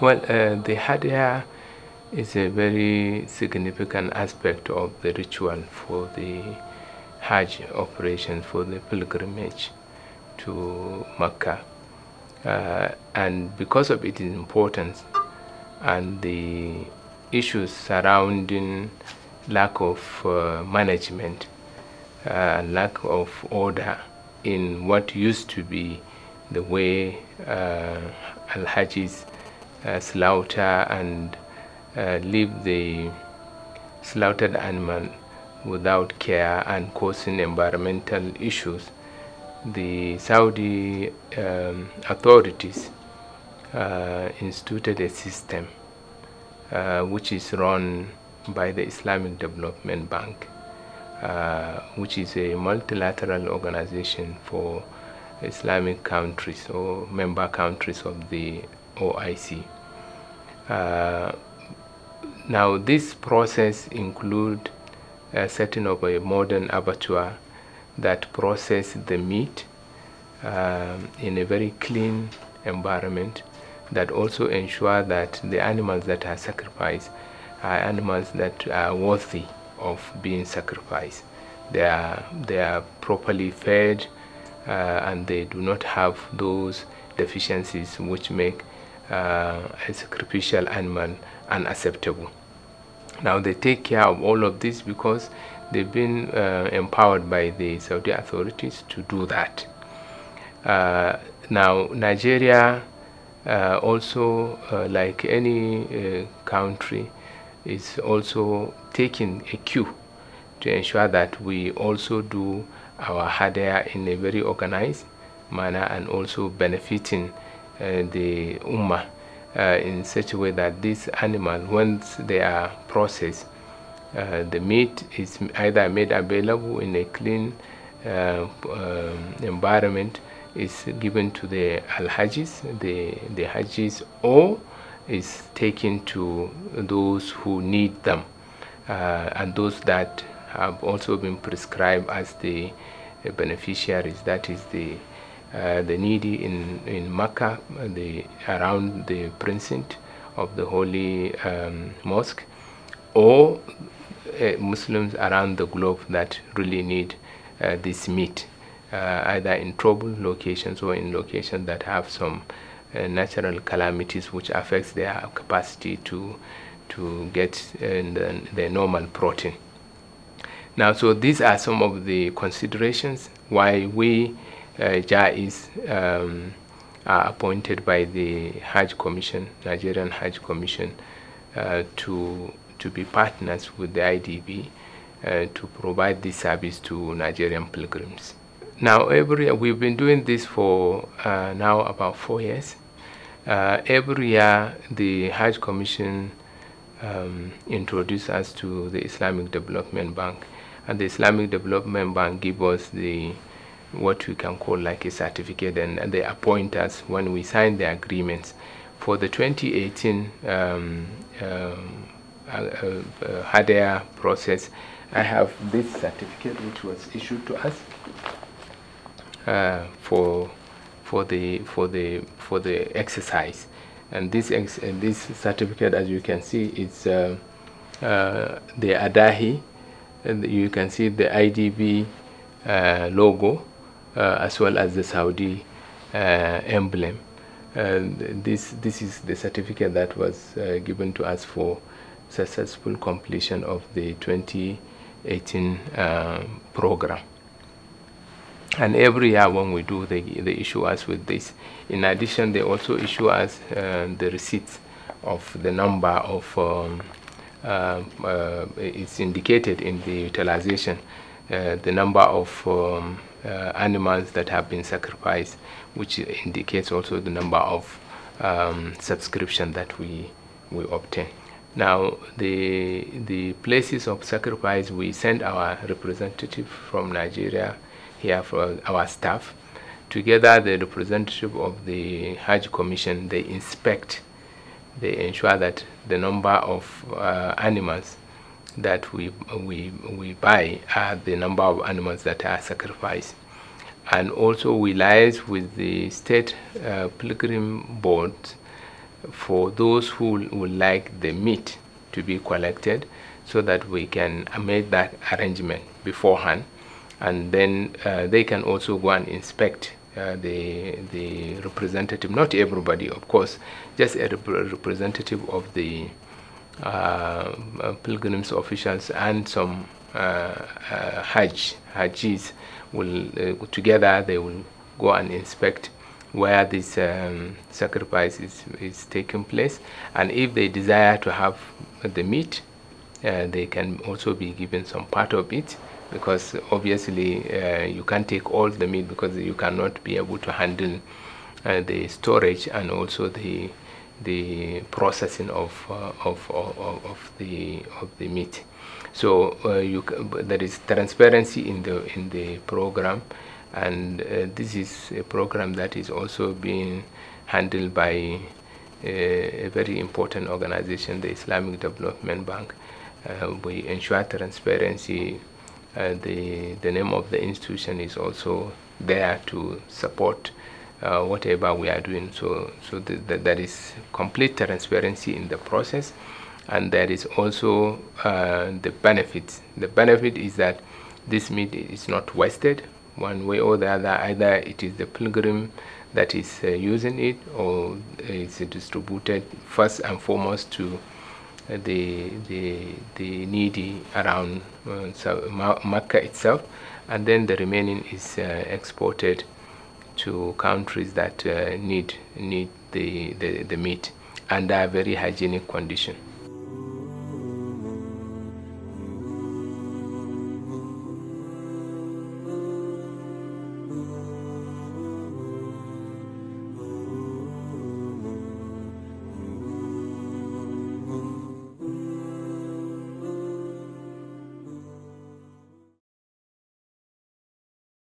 Well, uh, the hard hair is a very significant aspect of the ritual for the Hajj operation, for the pilgrimage to Mecca. Uh, and because of its importance and the issues surrounding lack of uh, management, uh, lack of order in what used to be the way uh, Al-Hajjis uh, slaughter and uh, leave the slaughtered animal without care and causing environmental issues, the Saudi um, authorities uh, instituted a system uh, which is run by the Islamic Development Bank, uh, which is a multilateral organization for Islamic countries or member countries of the OIC. Uh, now this process include setting up a modern abattoir that process the meat um, in a very clean environment that also ensure that the animals that are sacrificed are animals that are worthy of being sacrificed. They are, they are properly fed uh, and they do not have those deficiencies which make uh, a sacrificial animal unacceptable. Now they take care of all of this because they've been uh, empowered by the Saudi authorities to do that. Uh, now Nigeria uh, also, uh, like any uh, country, is also taking a cue to ensure that we also do our hardware in a very organized manner and also benefiting the ummah uh, in such a way that this animal, once they are processed, uh, the meat is either made available in a clean uh, um, environment is given to the al-hajis, the, the hajis, or is taken to those who need them uh, and those that have also been prescribed as the beneficiaries, that is the uh, the needy in, in Mecca, the, around the precinct of the Holy um, Mosque, or uh, Muslims around the globe that really need uh, this meat, uh, either in troubled locations or in locations that have some uh, natural calamities which affects their capacity to, to get the, the normal protein. Now, so these are some of the considerations why we uh, Jah is um, uh, appointed by the Hajj Commission, Nigerian Hajj Commission, uh, to to be partners with the IDB uh, to provide this service to Nigerian pilgrims. Now, every we've been doing this for uh, now about four years. every year, the Hajj Commission um, introduces us to the Islamic Development Bank, and the Islamic Development Bank gives us the what we can call like a certificate and they appoint us when we sign the agreements. For the 2018 um, um uh, uh, uh, HADEA process, I have this certificate which was issued to us uh, for for the for the for the exercise, and this ex and this certificate, as you can see, it's uh, uh, the Adahi, and you can see the IDB logo, uh, as well as the Saudi uh, emblem. this, this is the certificate that was uh, given to us for successful completion of the 2018 program. And every year when we do, they, they issue us with this. In addition, they also issue us the receipts of the number of um, uh, uh, it's indicated in the utilization uh, the number of um, uh, animals that have been sacrificed, which indicates also the number of um, subscription that we, we obtain. Now, the, the places of sacrifice, we send our representative from Nigeria here for our staff. Together, the representative of the Hajj Commission, they inspect, they ensure that the number of uh, animals that we, we, we buy are the number of animals that are sacrificed. And also we liaise with the state uh, pilgrim board for those who would like the meat to be collected so that we can make that arrangement beforehand. And then uh, they can also go and inspect uh, the, the representative, not everybody, of course, just a rep representative of the uh, pilgrims officials and some uh, uh, Hajj, Hajjis will together they will go and inspect where this um, sacrifice is, is taking place and if they desire to have the meat uh, they can also be given some part of it because obviously uh, you can't take all the meat because you cannot be able to handle uh, the storage and also the the processing of, uh, of, of, of, the, of the meat. So uh, you there is transparency in the, in the program and uh, this is a program that is also being handled by uh, a very important organization, the Islamic Development Bank. Uh, we ensure transparency. the, the name of the institution is also there to support uh, whatever we are doing. So, so th th complete transparency in the process, and there is also uh, the benefit. The benefit is that this meat is not wasted one way or the other. Either it is the pilgrim that is uh, using it, or it's distributed first and foremost to uh, the the the needy around uh, so Makkah itself, and then the remaining is uh, exported to countries that uh, need need the, the, the meat under a very hygienic condition.